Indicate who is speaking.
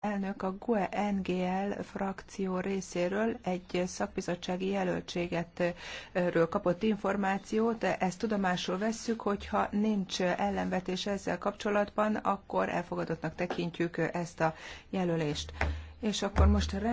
Speaker 1: elnök a GUE NGL frakció részéről egy szakbizottsági ről kapott információt. Ezt tudomásul vesszük, hogyha nincs ellenvetés ezzel kapcsolatban, akkor elfogadottnak tekintjük ezt a jelölést. És akkor most